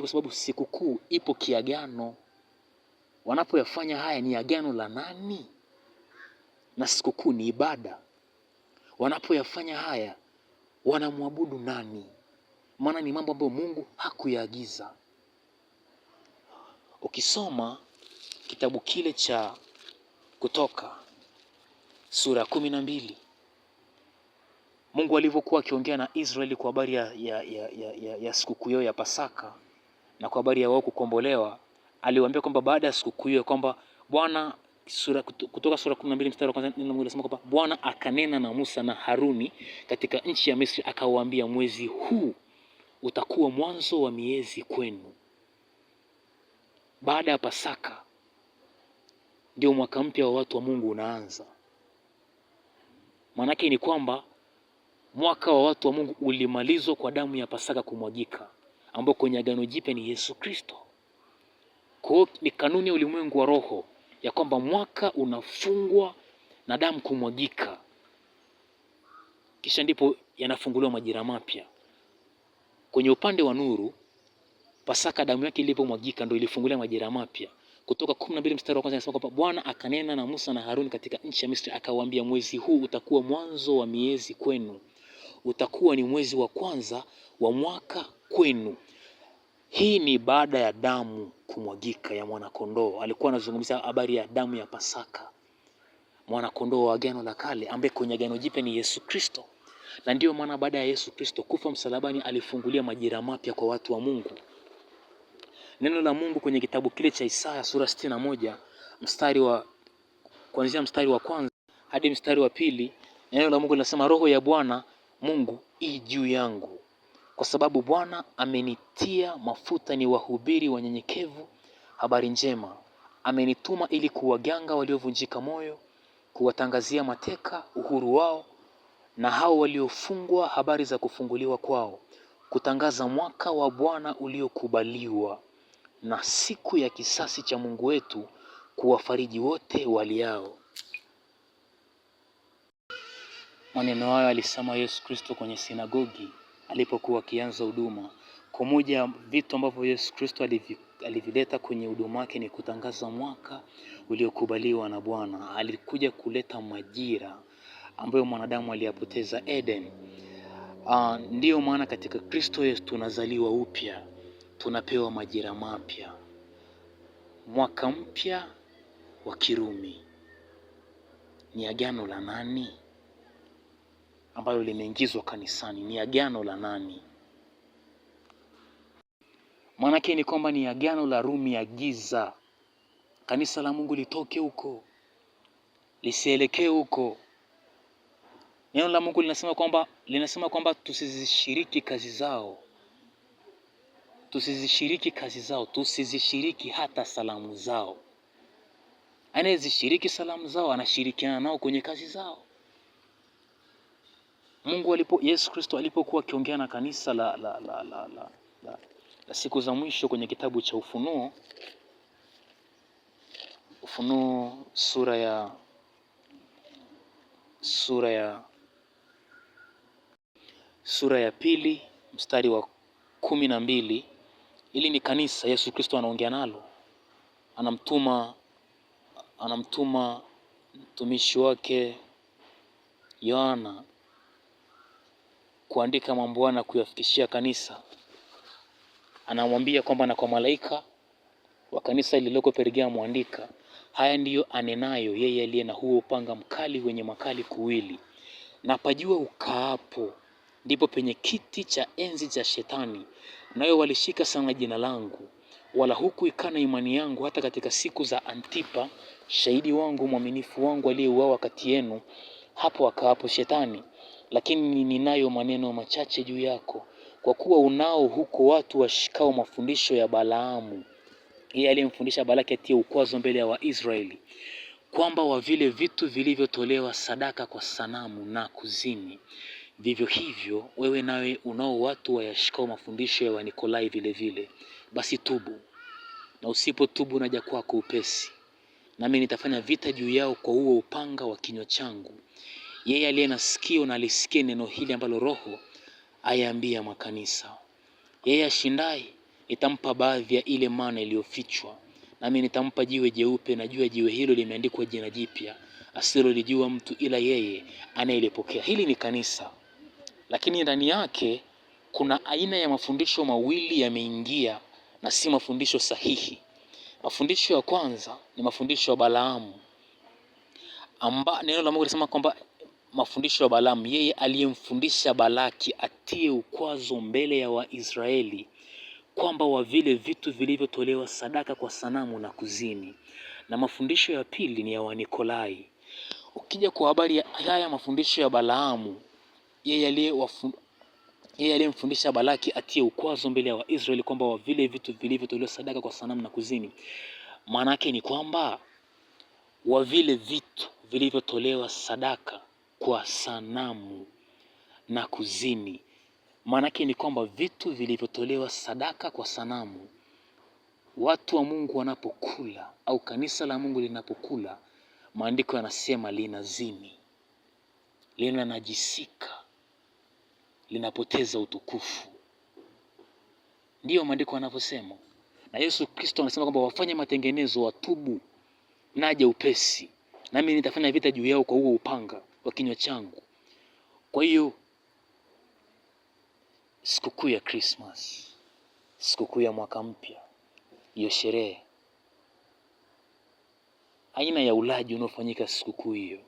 kwa sababu sikukuu ipo kiagano. Wanapoyafanya haya ni agano la nani? Na sikukuu ni ibada. Wanapoyafanya haya wanamwabudu nani? Maana ni mambo ambayo Mungu hakuyaagiza. Ukisoma kitabu kile cha Kutoka sura ya kumi na mbili Mungu alivyokuwa akiongea na Israeli kwa habari ya, ya, ya, ya, ya, ya sikukuu yao ya Pasaka na kwa habari ya wao kukombolewa, aliwaambia kwamba baada ya siku hiyo kwamba Bwana sura, kutoka sura 12 mstari wa kwanza neno linasema kwamba Bwana akanena na Musa na Haruni katika nchi ya Misri, akawaambia mwezi huu utakuwa mwanzo wa miezi kwenu. Baada ya Pasaka ndio mwaka mpya wa watu wa Mungu unaanza. Maanake ni kwamba mwaka wa watu wa Mungu ulimalizwa kwa damu ya Pasaka kumwagika ambao kwenye Agano Jipya ni Yesu Kristo. Kwa hiyo ni kanuni ya ulimwengu wa roho ya kwamba mwaka unafungwa na damu kumwagika, kisha ndipo yanafunguliwa majira mapya. Kwenye upande wa nuru, Pasaka damu yake ilipomwagika ndio ilifungulia majira mapya. Kutoka kumi na mbili mstari wa kwanza inasema kwamba Bwana akanena na Musa na Haruni katika nchi ya Misri, akawaambia, mwezi huu utakuwa mwanzo wa miezi kwenu, utakuwa ni mwezi wa kwanza wa mwaka kwenu. Hii ni baada ya damu kumwagika ya mwanakondoo. Alikuwa anazungumzia habari ya damu ya Pasaka, mwanakondoo wa agano la kale, ambaye kwenye agano jipya ni Yesu Kristo. Na ndiyo maana baada ya Yesu Kristo kufa msalabani, alifungulia majira mapya kwa watu wa Mungu. Neno la Mungu kwenye kitabu kile cha Isaya sura sitini na moja mstari wa kuanzia mstari wa kwanza hadi mstari wa pili neno la Mungu linasema, roho ya Bwana Mungu i juu yangu, kwa sababu Bwana amenitia mafuta ni wahubiri wanyenyekevu habari njema. Amenituma ili kuwaganga waliovunjika moyo, kuwatangazia mateka uhuru wao na hao waliofungwa habari za kufunguliwa kwao, kutangaza mwaka wa Bwana uliokubaliwa na siku ya kisasi cha Mungu wetu, kuwafariji wote waliao. Maneno hayo alisema Yesu Kristo kwenye sinagogi alipokuwa akianza huduma. Kwa moja vitu ambavyo Yesu Kristo alivileta kwenye huduma yake ni kutangaza mwaka uliokubaliwa na Bwana. Alikuja kuleta majira ambayo mwanadamu aliyapoteza Eden. Uh, ndiyo maana katika Kristo Yesu tunazaliwa upya, tunapewa majira mapya, mwaka mpya wa Kirumi. Ni agano la nani? ambalo limeingizwa kanisani ni agano la nani? Maanake ni kwamba ni agano la Rumi ya giza. Kanisa la Mungu litoke huko, lisielekee huko. Neno la Mungu linasema kwamba linasema kwamba tusizishiriki kazi zao, tusizishiriki kazi zao, tusizishiriki hata salamu zao. Anayezishiriki salamu zao anashirikiana nao kwenye kazi zao. Mungu alipo, Yesu Kristo alipokuwa akiongea na kanisa la, la, la, la, la, la, la siku za mwisho kwenye kitabu cha Ufunuo, Ufunuo sura ya sura ya sura ya pili mstari wa kumi na mbili. ili ni kanisa Yesu Kristo anaongea nalo, anamtuma anamtuma mtumishi wake Yohana kuandika mambo na kuyafikishia kanisa. Anamwambia kwamba na kwa malaika wa kanisa lililoko Pergamo andika, haya ndiyo anenayo yeye aliye na huo upanga mkali wenye makali kuwili, na pajua ukaapo ndipo penye kiti cha enzi cha Shetani, nayo walishika sana jina langu, wala huku ikana imani yangu hata katika siku za Antipa, shahidi wangu mwaminifu wangu aliyeuawa kati yenu, hapo akaapo Shetani lakini ninayo maneno machache juu yako, kwa kuwa unao huko watu washikao mafundisho ya Balaamu, yeye aliyemfundisha Balaki atie ukwazo mbele ya Waisraeli, kwamba wa vile vitu vilivyotolewa sadaka kwa sanamu na kuzini vivyo hivyo wewe nawe unao watu wayashikao mafundisho ya Wanikolai vile vile. Basi tubu, na tubu naja kwako upesi, nami nitafanya vita juu yao kwa huo upanga wa kinywa changu, yeye aliye na sikio na alisikie neno hili ambalo Roho ayaambia makanisa. Yeye ashindaye nitampa baadhi ya ile mana iliyofichwa, nami nitampa jiwe jeupe, na juu ya jiwe hilo limeandikwa jina jipya asilolijua mtu ila yeye anayelipokea. Hili ni kanisa, lakini ndani yake kuna aina ya mafundisho mawili yameingia, na si mafundisho sahihi. Mafundisho ya kwanza ni mafundisho ya Balaamu, amba neno la Mungu linasema kwamba mafundisho ya Balaamu, yeye aliyemfundisha Balaki atie ukwazo mbele ya Waisraeli kwamba wa vile vitu vilivyotolewa sadaka kwa sanamu na kuzini. Na mafundisho ya pili ni ya Wanikolai. Ukija kwa habari ya haya mafundisho ya Balaamu, yeye aliyemfundisha Balaki atie ukwazo mbele ya Waisraeli kwamba wa vile vitu vilivyotolewa sadaka kwa sanamu na kuzini, maana yake ni kwamba wa vile vitu vilivyotolewa sadaka kwa sanamu na kuzini. Maanake ni kwamba vitu vilivyotolewa sadaka kwa sanamu, watu wa Mungu wanapokula au kanisa la Mungu linapokula, maandiko yanasema linazini, najisika linapoteza utukufu. Ndiyo maandiko yanavyosema, na Yesu Kristo anasema kwamba wafanye matengenezo, watubu, naje upesi, nami nitafanya vita juu yao kwa huo upanga wa kinywa changu. Kwa hiyo sikukuu ya Krismas, sikukuu ya mwaka mpya, hiyo sherehe, aina ya ulaji unaofanyika sikukuu hiyo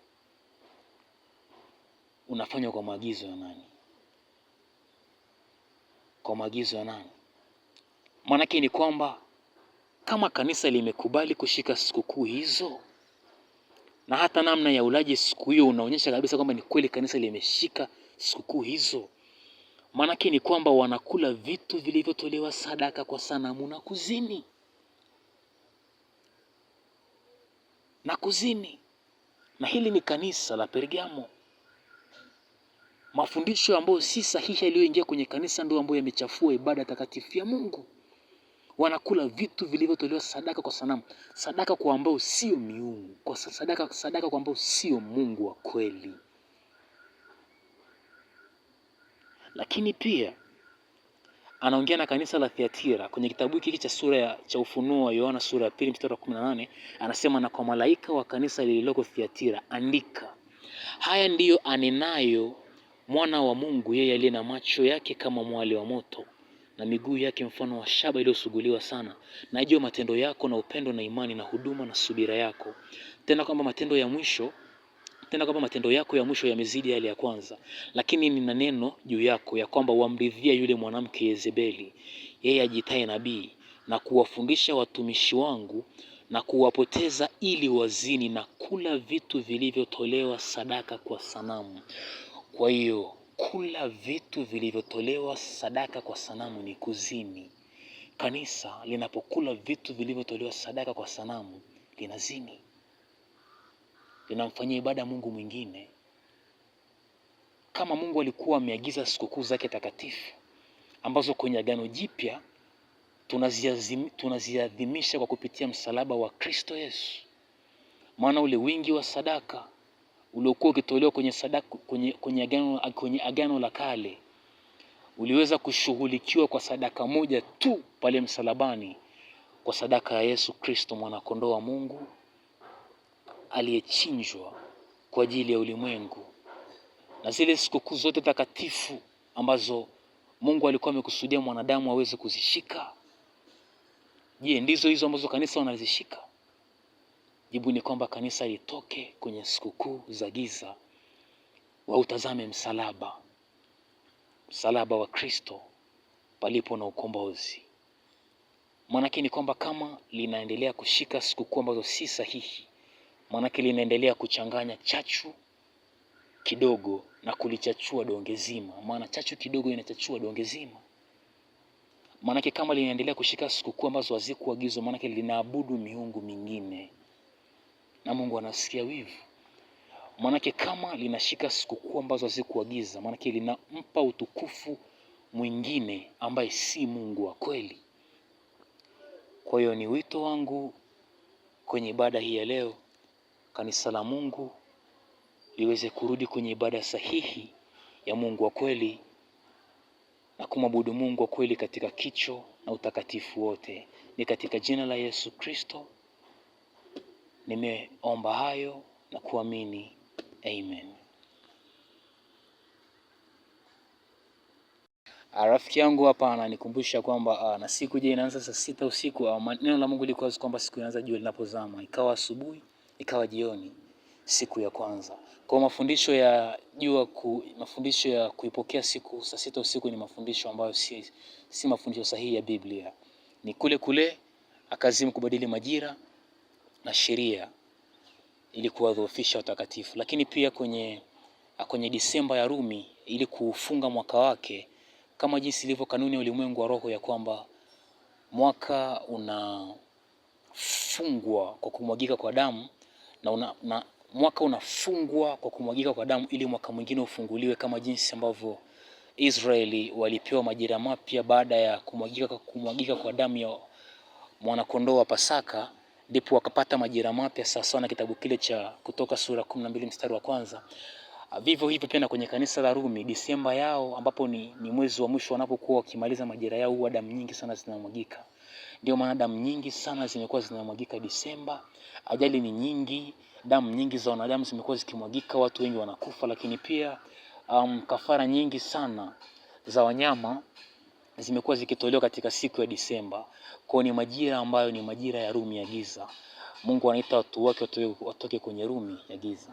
unafanywa kwa maagizo ya nani? Kwa maagizo ya nani? Maanake ni kwamba kama kanisa limekubali kushika sikukuu hizo na hata namna ya ulaji siku hiyo unaonyesha kabisa kwamba ni kweli kanisa limeshika sikukuu hizo. Maanake ni kwamba wanakula vitu vilivyotolewa sadaka kwa sanamu na kuzini na kuzini, na hili ni kanisa la Pergamo. Mafundisho ambayo si sahihi yaliyoingia kwenye kanisa ndio ambayo yamechafua ibada takatifu ya Mungu wanakula vitu vilivyotolewa sadaka kwa sanamu, sadaka kwa ambao sio miungu, kwa sadaka, sadaka kwa ambao sio Mungu wa kweli. Lakini pia anaongea na kanisa la Thiatira kwenye kitabu hiki cha sura ya cha Ufunuo wa Yohana sura ya pili mstari wa 18, anasema na kwa malaika wa kanisa lililoko Thiatira andika, haya ndiyo anenayo mwana wa Mungu, yeye aliye na macho yake kama mwali wa moto na miguu yake mfano wa shaba iliyosuguliwa sana. Najua matendo yako na upendo na imani na huduma na subira yako, tena kwamba matendo ya mwisho tena kwamba matendo yako ya mwisho yamezidi yale ya kwanza. Lakini nina neno juu yako ya kwamba wamridhia yule mwanamke Yezebeli, yeye ajitaye nabii, na kuwafundisha watumishi wangu na kuwapoteza ili wazini na kula vitu vilivyotolewa sadaka kwa sanamu. Kwa hiyo kula vitu vilivyotolewa sadaka kwa sanamu ni kuzini. Kanisa linapokula vitu vilivyotolewa sadaka kwa sanamu linazini, linamfanyia ibada Mungu mwingine. Kama Mungu alikuwa ameagiza sikukuu zake takatifu ambazo kwenye Agano Jipya tunaziadhimisha kwa kupitia msalaba wa Kristo Yesu, maana ule wingi wa sadaka uliokuwa ukitolewa kwenye sadaka, kwenye, kwenye, agano, kwenye agano la kale uliweza kushughulikiwa kwa sadaka moja tu pale msalabani, kwa sadaka ya Yesu Kristo mwanakondoo wa Mungu aliyechinjwa kwa ajili ya ulimwengu. Na zile sikukuu zote takatifu ambazo Mungu alikuwa amekusudia mwanadamu aweze kuzishika, je, ndizo hizo ambazo kanisa wanazishika? Jibu ni kwamba kanisa litoke kwenye sikukuu za giza, wautazame msalaba, msalaba wa Kristo palipo na ukombozi. Maanake ni kwamba kama linaendelea kushika sikukuu ambazo si sahihi, maanake linaendelea kuchanganya chachu kidogo na kulichachua donge zima, maana chachu kidogo inachachua donge zima. Maanake kama linaendelea kushika sikukuu ambazo hazikuagizwa, maanake linaabudu miungu mingine na Mungu anasikia wivu. manake kama linashika sikukuu ambazo hazikuagiza, maanake linampa utukufu mwingine ambaye si Mungu wa kweli. Kwa hiyo ni wito wangu kwenye ibada hii ya leo, kanisa la Mungu liweze kurudi kwenye ibada sahihi ya Mungu wa kweli na kumwabudu Mungu wa kweli katika kicho na utakatifu wote. Ni katika jina la Yesu Kristo. Nimeomba hayo na kuamini, amen. Ah, rafiki yangu hapa ananikumbusha kwamba ah, na siku je, inaanza saa sita usiku au neno la Mungu lilikuwa kwamba siku inaanza jua linapozama, ikawa asubuhi, ikawa jioni, siku ya kwanza. Kwa mafundisho ya jua ku, mafundisho ya kuipokea siku saa sita usiku ni mafundisho ambayo si, si mafundisho sahihi ya Biblia. Ni kule kule akazimu kubadili majira na sheria ili kuwadhoofisha watakatifu, lakini pia kwenye, kwenye Disemba ya Rumi ili kufunga mwaka wake kama jinsi ilivyo kanuni ya ulimwengu wa roho ya kwamba mwaka unafungwa kwa kumwagika kwa damu na, una, na mwaka unafungwa kwa kumwagika kwa damu ili mwaka mwingine ufunguliwe kama jinsi ambavyo Israeli walipewa majira mapya baada ya kumwagika, kumwagika kwa damu ya mwanakondoo wa Pasaka ndipo wakapata majira mapya sawasawa na kitabu kile cha Kutoka sura kumi na mbili mstari wa kwanza. Ah, vivyo hivyo pia na kwenye kanisa la Rumi, Disemba yao ambapo ni, ni mwezi wa mwisho wanapokuwa wakimaliza majira yao, huwa damu nyingi sana zinamwagika. Ndio maana damu nyingi sana zimekuwa zinamwagika Disemba. Ajali ni nyingi, damu nyingi za wanadamu zimekuwa zikimwagika, watu wengi wanakufa, lakini pia um, kafara nyingi sana za wanyama zimekuwa zikitolewa katika siku ya Disemba. Kwa ni majira ambayo ni majira ya rumi ya giza. Mungu anaita watu wake watoke kwenye rumi ya giza.